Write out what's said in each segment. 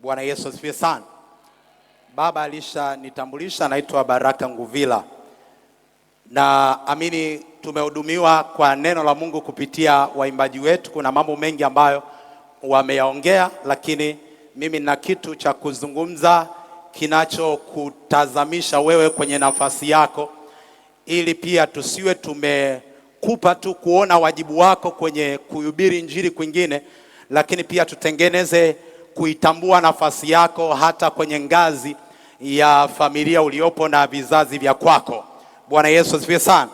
Bwana Yesu asifiwe sana. Baba alishanitambulisha, anaitwa Baraka Nguvila, na amini tumehudumiwa kwa neno la Mungu kupitia waimbaji wetu. Kuna mambo mengi ambayo wameyaongea, lakini mimi na kitu cha kuzungumza kinachokutazamisha wewe kwenye nafasi yako, ili pia tusiwe tumekupa tu kuona wajibu wako kwenye kuhubiri injili kwingine, lakini pia tutengeneze kuitambua nafasi yako hata kwenye ngazi ya familia uliopo na vizazi vya kwako. Bwana Yesu asifiwe sana.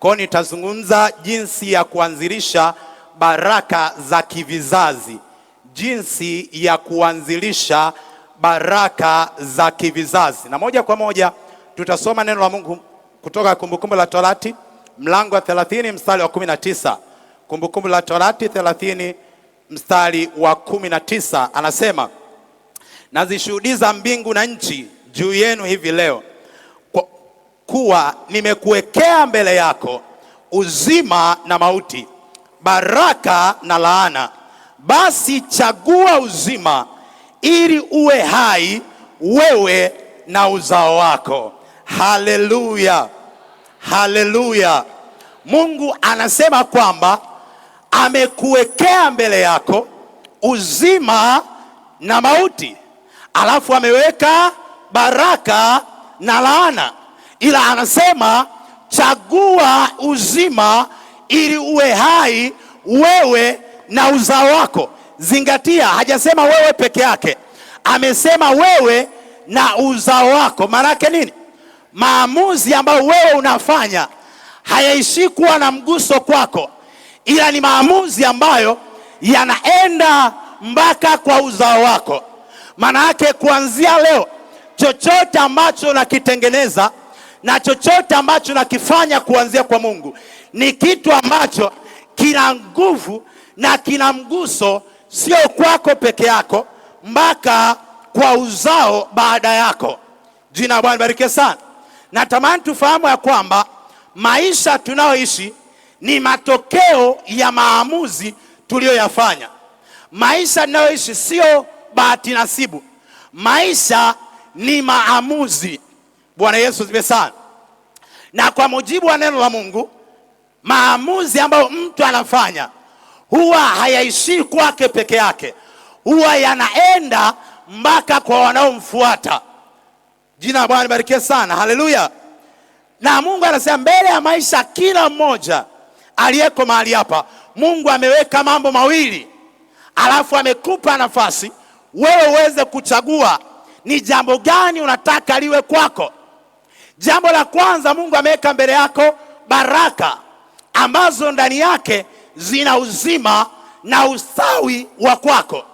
Kwa hiyo nitazungumza jinsi ya kuanzilisha baraka za kivizazi, jinsi ya kuanzilisha baraka za kivizazi, na moja kwa moja tutasoma neno la Mungu kutoka Kumbukumbu la Torati mlango wa 30 mstari wa 19. Kumbukumbu la Torati mstari wa kumi na tisa anasema, nazishuhudiza mbingu na nchi juu yenu hivi leo kwa kuwa nimekuwekea mbele yako uzima na mauti, baraka na laana. Basi chagua uzima, ili uwe hai wewe na uzao wako. Haleluya, haleluya! Mungu anasema kwamba amekuwekea mbele yako uzima na mauti, alafu ameweka baraka na laana, ila anasema chagua uzima ili uwe hai wewe na uzao wako. Zingatia, hajasema wewe peke yake, amesema wewe na uzao wako. Maana yake nini? Maamuzi ambayo wewe unafanya hayaishi kuwa na mguso kwako ila ni maamuzi ambayo yanaenda mpaka kwa uzao wako. Maana yake kuanzia leo, chochote ambacho nakitengeneza na chochote ambacho nakifanya kuanzia kwa Mungu ni kitu ambacho kina nguvu na kina mguso, sio kwako peke yako, mpaka kwa uzao baada yako. Jina la Bwana libarikiwe sana. Natamani tufahamu ya kwamba maisha tunayoishi ni matokeo ya maamuzi tuliyoyafanya. Maisha ninayoishi sio bahati nasibu, maisha ni maamuzi. Bwana Yesu zibe sana. Na kwa mujibu wa neno la Mungu, maamuzi ambayo mtu anafanya huwa hayaishii kwake peke yake, huwa yanaenda mpaka kwa wanaomfuata. Jina la Bwana libarikiwe sana, haleluya. Na Mungu anasema mbele ya maisha kila mmoja aliyeko mahali hapa, Mungu ameweka mambo mawili, alafu amekupa nafasi wewe uweze kuchagua ni jambo gani unataka liwe kwako. Jambo la kwanza, Mungu ameweka mbele yako baraka ambazo ndani yake zina uzima na ustawi wa kwako.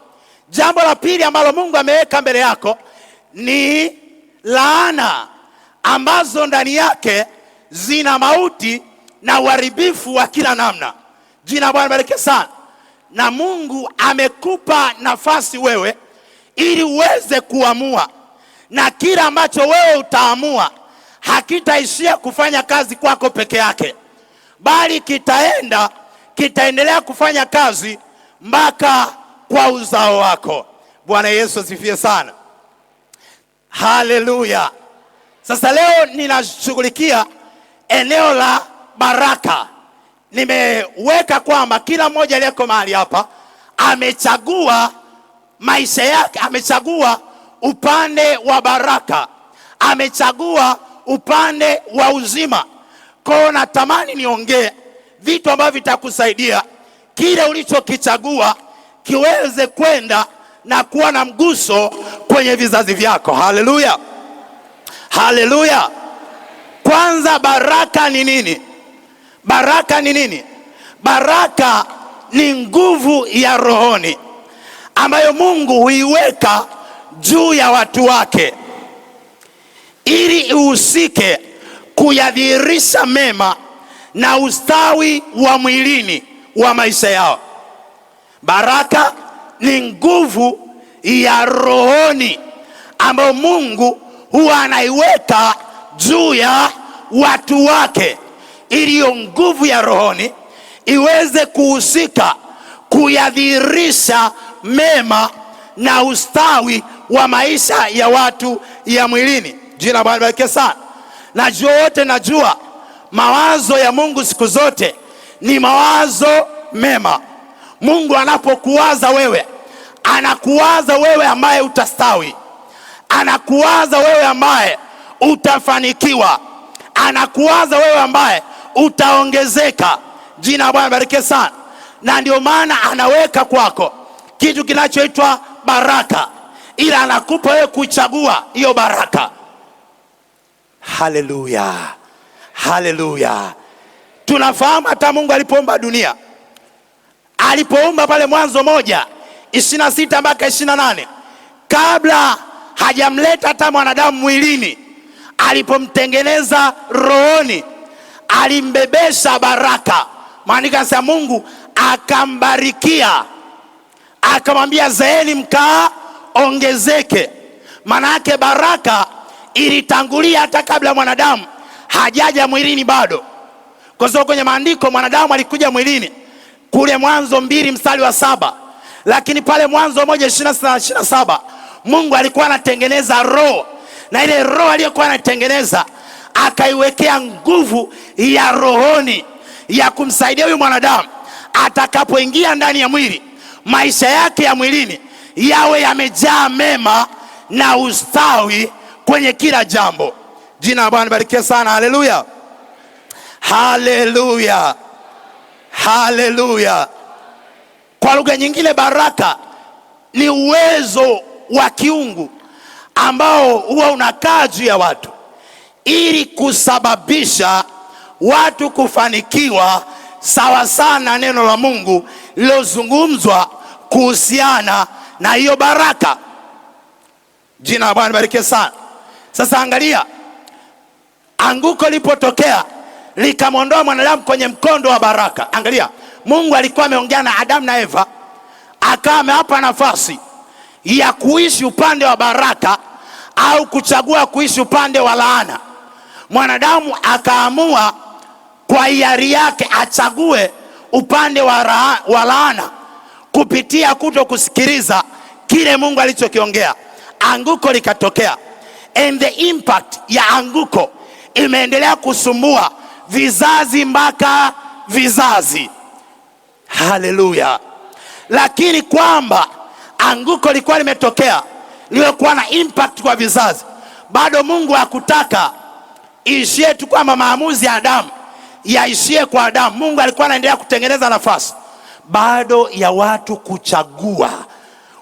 Jambo la pili ambalo Mungu ameweka mbele yako ni laana ambazo ndani yake zina mauti na uharibifu wa kila namna. Jina Bwana bariki sana. Na Mungu amekupa nafasi wewe ili uweze kuamua, na kila ambacho wewe utaamua hakitaishia kufanya kazi kwako peke yake, bali kitaenda kitaendelea kufanya kazi mpaka kwa uzao wako. Bwana Yesu asifie sana, haleluya. Sasa leo ninashughulikia eneo la baraka. Nimeweka kwamba kila mmoja aliyeko mahali hapa amechagua maisha yake, amechagua upande wa baraka, amechagua upande wa uzima. Kwa natamani niongee vitu ambavyo vitakusaidia kile ulichokichagua kiweze kwenda na kuwa na mguso kwenye vizazi vyako. Haleluya, haleluya. Kwanza, baraka ni nini? Baraka ni nini? Baraka ni nguvu ya rohoni ambayo Mungu huiweka juu ya watu wake ili ihusike kuyadhihirisha mema na ustawi wa mwilini wa maisha yao. Baraka ni nguvu ya rohoni ambayo Mungu huwa anaiweka juu ya watu wake iliyo nguvu ya rohoni iweze kuhusika kuyadhihirisha mema na ustawi wa maisha ya watu ya mwilini. Jina Bwana barikiwe sana. Najua wote, najua mawazo ya Mungu siku zote ni mawazo mema. Mungu anapokuwaza wewe, anakuwaza wewe ambaye utastawi, anakuwaza wewe ambaye utafanikiwa, anakuwaza wewe ambaye utaongezeka. Jina la Bwana barikiwe sana, na ndio maana anaweka kwako kitu kinachoitwa baraka, ila anakupa wewe kuchagua hiyo baraka. Haleluya, haleluya. Tunafahamu hata Mungu alipoumba dunia, alipoumba pale Mwanzo moja ishirini na sita mpaka ishirini na nane kabla hajamleta hata mwanadamu mwilini, alipomtengeneza rohoni alimbebesha baraka. Maandiko anasema Mungu akambarikia, akamwambia zaeni mkaa ongezeke. Maana yake baraka ilitangulia hata kabla mwanadamu hajaja mwilini bado, kwa sababu kwenye maandiko mwanadamu alikuja mwilini kule Mwanzo mbili mstari wa saba lakini pale Mwanzo moja ishirini saba Mungu alikuwa anatengeneza roho, na ile roho aliyokuwa anatengeneza akaiwekea nguvu ya rohoni ya kumsaidia huyu mwanadamu atakapoingia ndani ya mwili, maisha yake ya mwilini yawe yamejaa mema na ustawi kwenye kila jambo. Jina la Bwana libarikiwe sana. Haleluya, haleluya, haleluya. Kwa lugha nyingine, baraka ni uwezo wa kiungu ambao huwa unakaa juu ya watu ili kusababisha watu kufanikiwa sawa sana neno la Mungu lilozungumzwa kuhusiana na hiyo baraka. Jina la Bwana barikiwe sana. Sasa angalia, anguko lipotokea likamwondoa mwanadamu kwenye mkondo wa baraka. Angalia, Mungu alikuwa ameongea na Adamu na Eva, akawa amewapa nafasi ya kuishi upande wa baraka au kuchagua kuishi upande wa laana mwanadamu akaamua kwa hiari yake achague upande wa laana kupitia kuto kusikiliza kile Mungu alichokiongea, anguko likatokea. And the impact ya anguko imeendelea kusumbua vizazi mpaka vizazi. Haleluya! Lakini kwamba anguko lilikuwa limetokea, liwekuwa na impact kwa vizazi, bado Mungu hakutaka iishie tu kwamba maamuzi ya Adamu yaishie kwa Adamu. Mungu alikuwa anaendelea kutengeneza nafasi bado ya watu kuchagua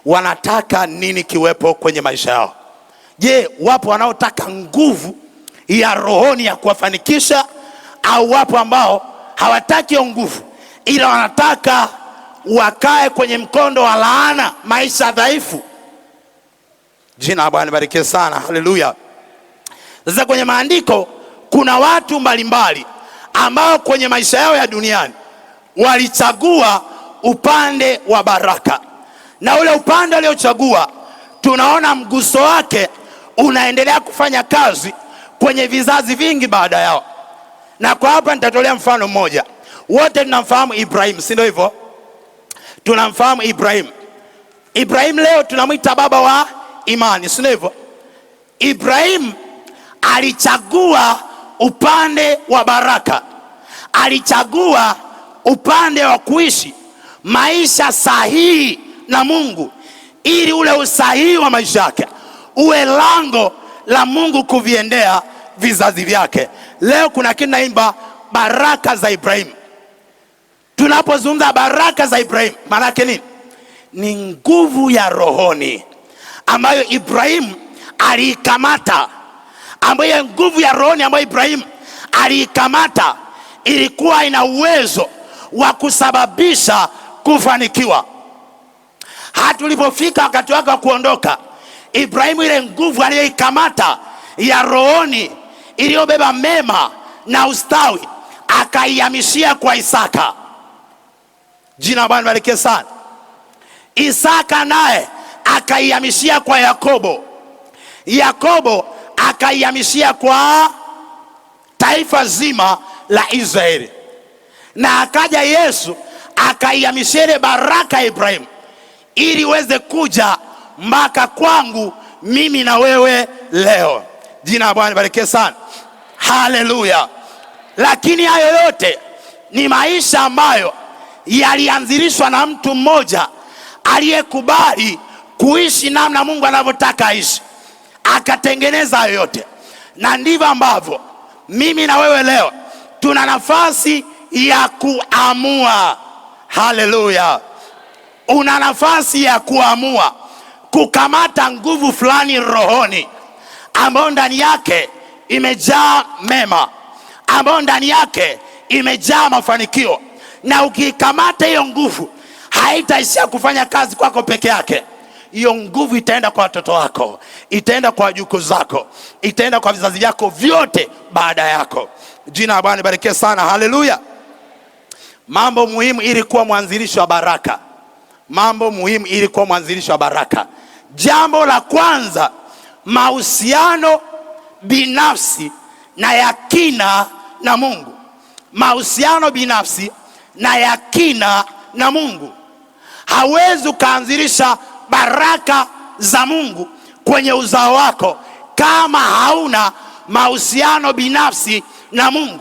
wanataka nini kiwepo kwenye maisha yao. Je, wapo wanaotaka nguvu ya rohoni ya kuwafanikisha au wapo ambao hawataki hiyo nguvu, ila wanataka wakae kwenye mkondo wa laana, maisha dhaifu. Jina la Bwana libarikiwe sana, haleluya. Sasa kwenye maandiko kuna watu mbalimbali ambao kwenye maisha yao ya duniani walichagua upande wa baraka, na ule upande aliochagua tunaona mguso wake unaendelea kufanya kazi kwenye vizazi vingi baada yao. Na kwa hapa nitatolea mfano mmoja. Wote tunamfahamu Ibrahim, si ndio hivyo? Tunamfahamu Ibrahim. Ibrahim leo tunamwita baba wa imani, si ndio hivyo? Ibrahim alichagua upande wa baraka, alichagua upande wa kuishi maisha sahihi na Mungu, ili ule usahihi wa maisha yake uwe lango la Mungu kuviendea vizazi vyake. Leo kuna kinaimba baraka za Ibrahimu. Tunapozungumza baraka za Ibrahimu, maana yake nini? Ni nguvu ya rohoni ambayo Ibrahimu aliikamata ambayo nguvu ya rohoni ambayo Ibrahimu aliikamata ilikuwa ina uwezo wa kusababisha kufanikiwa. Hata ulipofika wakati wake wa kuondoka, Ibrahimu ile nguvu aliyoikamata ya rohoni iliyobeba mema na ustawi akaihamishia kwa Isaka. Jina Bwana barikiwe sana. Isaka naye akaihamishia kwa Yakobo. Yakobo akaihamishia kwa taifa zima la Israeli, na akaja Yesu akaihamishia ile baraka ya Ibrahimu ili iweze kuja mpaka kwangu mimi na wewe leo. Jina la Bwana libarikiwe sana, haleluya. Lakini hayo yote ni maisha ambayo yalianzilishwa na mtu mmoja aliyekubali kuishi namna Mungu anavyotaka aishi akatengeneza hayo yote, na ndivyo ambavyo mimi na wewe leo tuna nafasi ya kuamua. Haleluya! Una nafasi ya kuamua kukamata nguvu fulani rohoni ambayo ndani yake imejaa mema, ambayo ndani yake imejaa mafanikio, na ukikamata hiyo nguvu haitaishia kufanya kazi kwako peke yake hiyo nguvu itaenda kwa watoto wako, itaenda kwa wajukuu zako, itaenda kwa vizazi vyako vyote baada yako. Jina la Bwana libarikiwe sana, haleluya. Mambo muhimu ili kuwa mwanzilishi wa baraka, mambo muhimu ili kuwa mwanzilishi wa baraka. Jambo la kwanza, mahusiano binafsi na ya kina na Mungu, mahusiano binafsi na ya kina na Mungu. Hawezi ukaanzilisha baraka za Mungu kwenye uzao wako kama hauna mahusiano binafsi na Mungu,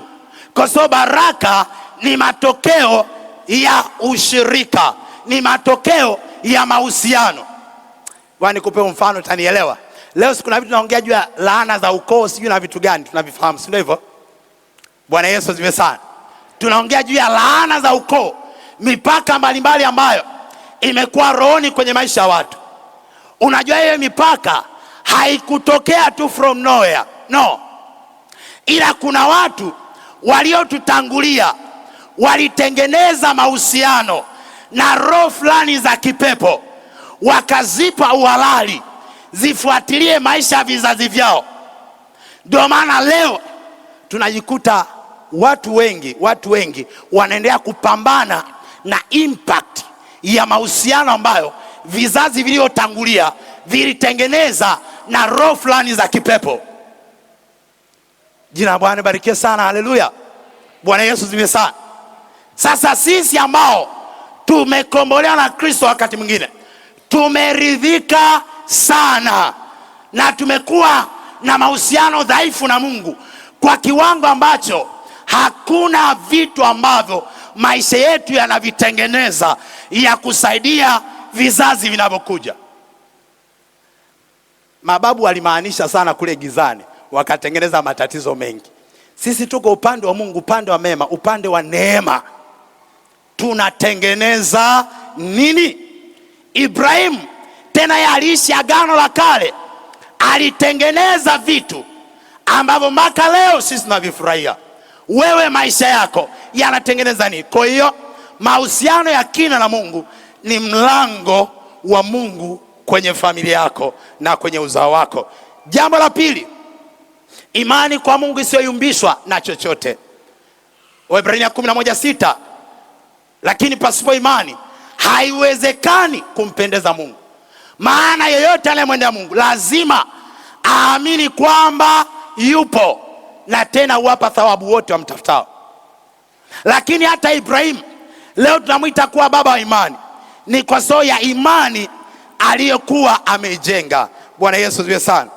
kwa sababu baraka ni matokeo ya ushirika, ni matokeo ya mahusiano. Bwana, nikupe mfano utanielewa. Leo na vitu tunaongea juu ya laana za ukoo, sijui na vitu gani tunavifahamu, si ndio hivyo? Bwana Yesu asifiwe sana. Tunaongea juu ya laana za ukoo, mipaka mbalimbali ambayo imekuwa rohoni kwenye maisha ya watu. Unajua hiyo mipaka haikutokea tu from nowhere, no, ila kuna watu waliotutangulia walitengeneza mahusiano na roho fulani za kipepo, wakazipa uhalali zifuatilie maisha ya vizazi vyao. Ndio maana leo tunajikuta watu wengi watu wengi wanaendelea kupambana na impact ya mahusiano ambayo vizazi vilivyotangulia vilitengeneza na roho fulani za kipepo. Jina la Bwana barikiwe sana, haleluya. Bwana Yesu zime sana. Sasa sisi ambao tumekombolewa na Kristo, wakati mwingine tumeridhika sana na tumekuwa na mahusiano dhaifu na Mungu kwa kiwango ambacho hakuna vitu ambavyo maisha yetu yanavitengeneza ya kusaidia vizazi vinavyokuja. Mababu walimaanisha sana kule gizani, wakatengeneza matatizo mengi. Sisi tuko upande wa Mungu, upande wa mema, upande wa neema. Tunatengeneza nini? Ibrahimu tena ye aliishi agano la kale, alitengeneza vitu ambavyo mpaka leo sisi tunavifurahia. Wewe maisha yako yanatengeneza nini. Kwa hiyo mahusiano ya kina na Mungu ni mlango wa Mungu kwenye familia yako na kwenye uzao wako. Jambo la pili, imani kwa Mungu isiyoyumbishwa na chochote. Waebrania 11:6, lakini pasipo imani haiwezekani kumpendeza Mungu, maana yeyote anayemwendea Mungu lazima aamini kwamba yupo na tena huwapa thawabu wote wamtafutao. Lakini hata Ibrahimu leo tunamwita kuwa baba wa imani, ni kwa sababu ya imani aliyokuwa ameijenga. Bwana Yesu ziwe sana.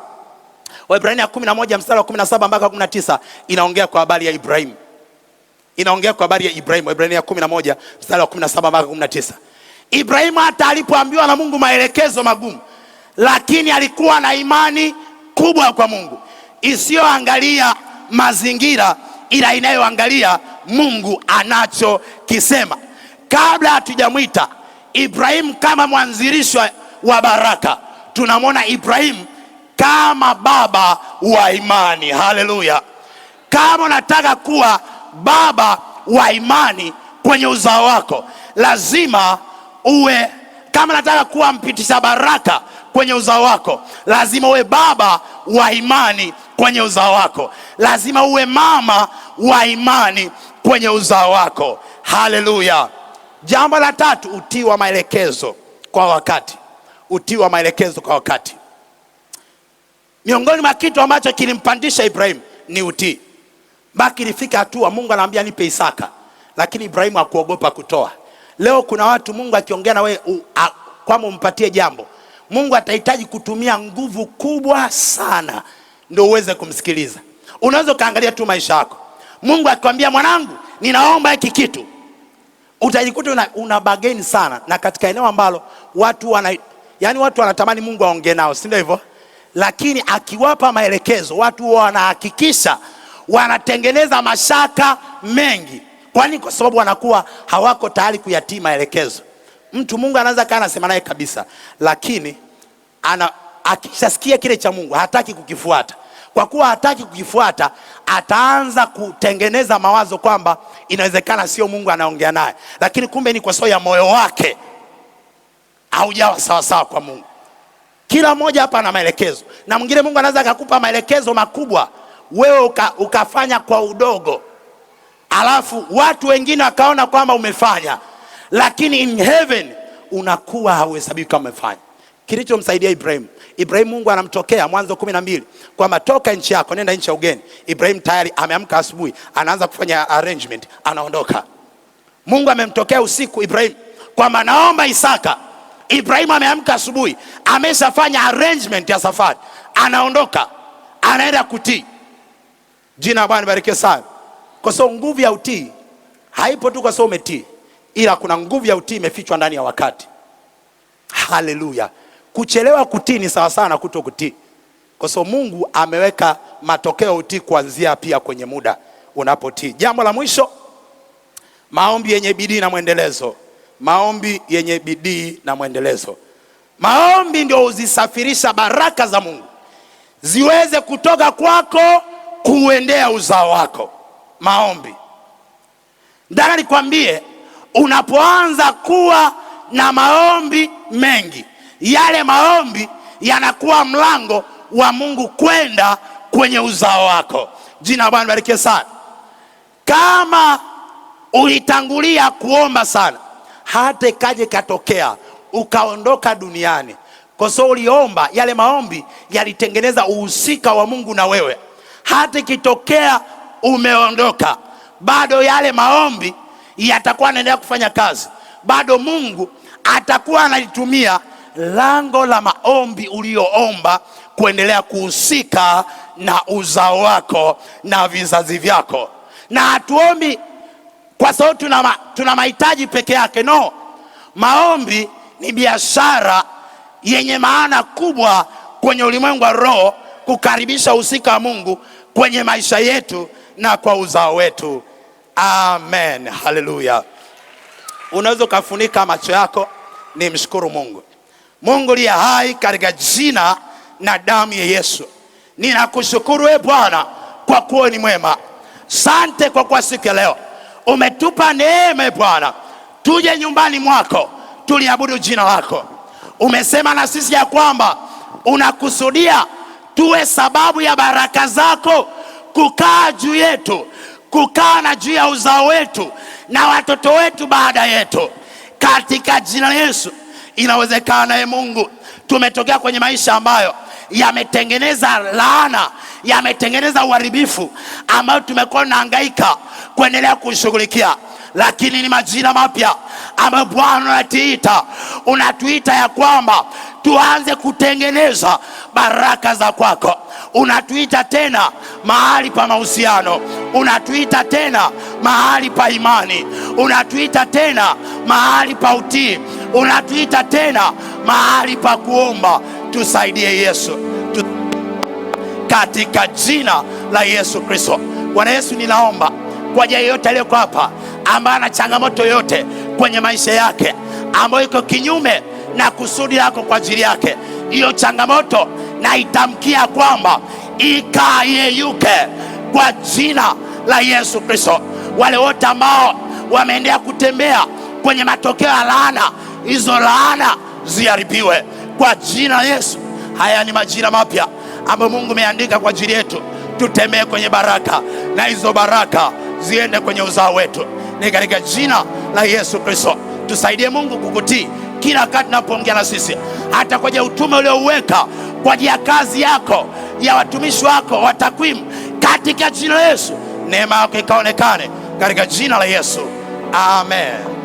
Waebrania 11 mstari wa 17 mpaka 19 inaongea kwa habari ya Ibrahimu, inaongea kwa habari ya Ibrahimu. Waebrania 11 mstari wa 17 mpaka 19, na Ibrahimu hata alipoambiwa na Mungu maelekezo magumu, lakini alikuwa na imani kubwa kwa Mungu isiyoangalia mazingira, ila inayoangalia Mungu anachokisema. Kabla hatujamwita Ibrahimu kama mwanzilishi wa baraka, tunamwona Ibrahimu kama baba wa imani. Haleluya! Kama unataka kuwa baba wa imani kwenye uzao wako, lazima uwe kama unataka kuwa mpitisha baraka kwenye uzao wako, lazima uwe baba wa imani kwenye uzao wako, lazima uwe mama wa imani kwenye uzao wako. Haleluya! Jambo la tatu, utii wa maelekezo kwa wakati. Utii wa maelekezo kwa wakati, miongoni mwa kitu ambacho kilimpandisha Ibrahimu ni utii, mpaka ilifika hatua Mungu anaambia nipe Isaka, lakini Ibrahimu hakuogopa kutoa. Leo kuna watu Mungu akiongea na wewe kwama umpatie jambo, Mungu atahitaji kutumia nguvu kubwa sana ndio uweze kumsikiliza. Unaweza ukaangalia tu maisha yako Mungu akikwambia mwanangu, ninaomba hiki kitu, utajikuta una, una bageni sana, na katika eneo ambalo watu wana yani, watu wanatamani Mungu aongee nao, si ndio hivyo? Lakini akiwapa maelekezo watu wanahakikisha wanatengeneza mashaka mengi. Kwani kwa sababu wanakuwa hawako tayari kuyatii maelekezo. Mtu Mungu anaweza kaa anasema naye kabisa, lakini ana akishasikia kile cha Mungu hataki kukifuata. Kwa kuwa hataki kukifuata, ataanza kutengeneza mawazo kwamba inawezekana sio Mungu anaongea naye, lakini kumbe ni kwa sababu ya moyo wake haujawa sawasawa kwa Mungu. Kila mmoja hapa ana maelekezo, na mwingine Mungu anaweza akakupa maelekezo makubwa, wewe uka, ukafanya kwa udogo, alafu watu wengine wakaona kwamba umefanya, lakini in heaven unakuwa hauhesabiki kama umefanya. Kilichomsaidia Ibrahim Ibrahimu Mungu anamtokea Mwanzo kumi na mbili kwamba toka nchi yako nenda nchi ya ugeni. Ibrahimu tayari ameamka asubuhi, anaanza kufanya arrangement, anaondoka. Mungu amemtokea usiku Ibrahimu kwamba naomba Isaka. Ibrahimu ameamka asubuhi, ameshafanya arrangement ya safari, anaondoka, anaenda kutii. Jina la Bwana libarikiwe sana. Kwa sababu nguvu ya utii haipo tu kwa sababu umetii, ila kuna nguvu ya utii imefichwa ndani ya wakati. Haleluya! Kuchelewa kutii ni sawa sawa na kuto kutii, kwa sababu Mungu ameweka matokeo utii kuanzia pia kwenye muda unapotii. Jambo la mwisho, maombi yenye bidii na mwendelezo. Maombi yenye bidii na mwendelezo. Maombi ndio huzisafirisha baraka za Mungu ziweze kutoka kwako kuuendea uzao wako. Maombi, nataka nikwambie, unapoanza kuwa na maombi mengi yale maombi yanakuwa mlango wa Mungu kwenda kwenye uzao wako. Jina la Bwana barikiwe sana. Kama ulitangulia kuomba sana, hata ikaje katokea ukaondoka duniani, kwa sababu uliomba, yale maombi yalitengeneza uhusika wa Mungu na wewe. Hata ikitokea umeondoka, bado yale maombi yatakuwa anaendelea kufanya kazi, bado Mungu atakuwa analitumia lango la maombi ulioomba kuendelea kuhusika na uzao wako na vizazi vyako. Na hatuombi kwa sababu tuna, ma, tuna mahitaji peke yake no. Maombi ni biashara yenye maana kubwa kwenye ulimwengu wa roho, kukaribisha uhusika wa Mungu kwenye maisha yetu na kwa uzao wetu. Amen, haleluya. Unaweza ukafunika macho yako, ni mshukuru Mungu. Mungu liye hai, katika jina na damu ya Yesu ninakushukuru e Bwana kwa kuwa ni mwema. Sante kwa kuwa siku ya leo umetupa neema e Bwana, tuje nyumbani mwako tuliabudu jina lako. Umesema na sisi ya kwamba unakusudia tuwe sababu ya baraka zako kukaa juu yetu, kukaa na juu ya uzao wetu na watoto wetu baada yetu, katika jina la Yesu. Inawezekana ye Mungu, tumetokea kwenye maisha ambayo yametengeneza laana, yametengeneza uharibifu ambayo tumekuwa tunahangaika kuendelea kushughulikia, lakini ni majira mapya ambayo Bwana unatuita unatuita ya kwamba tuanze kutengeneza baraka za kwako. Unatuita tena mahali pa mahusiano, unatuita tena mahali pa imani, unatuita tena mahali pa utii, unatuita tena mahali pa kuomba. Tusaidie Yesu tu... katika jina la Yesu Kristo. Bwana Yesu, ninaomba kwa ajili yeyote aliyoko hapa ambaye ana changamoto yoyote kwenye maisha yake ambayo iko kinyume na kusudi lako kwa ajili yake, hiyo changamoto na itamkia kwamba ikayeyuke kwa jina la Yesu Kristo. Wale wote ambao wameendelea kutembea kwenye matokeo ya laana hizo laana ziharibiwe kwa jina Yesu. Haya ni majira mapya ambayo Mungu ameandika kwa ajili yetu, tutembee kwenye baraka na hizo baraka ziende kwenye uzao wetu, ni katika jina la Yesu Kristo. Tusaidie Mungu kukutii kila wakati napoongea na sisi, hata kwenye utume uliouweka kwa ajili ya kazi yako ya watumishi wako wa takwimu, katika jina la Yesu. Neema yako ikaonekane katika jina la Yesu, amen.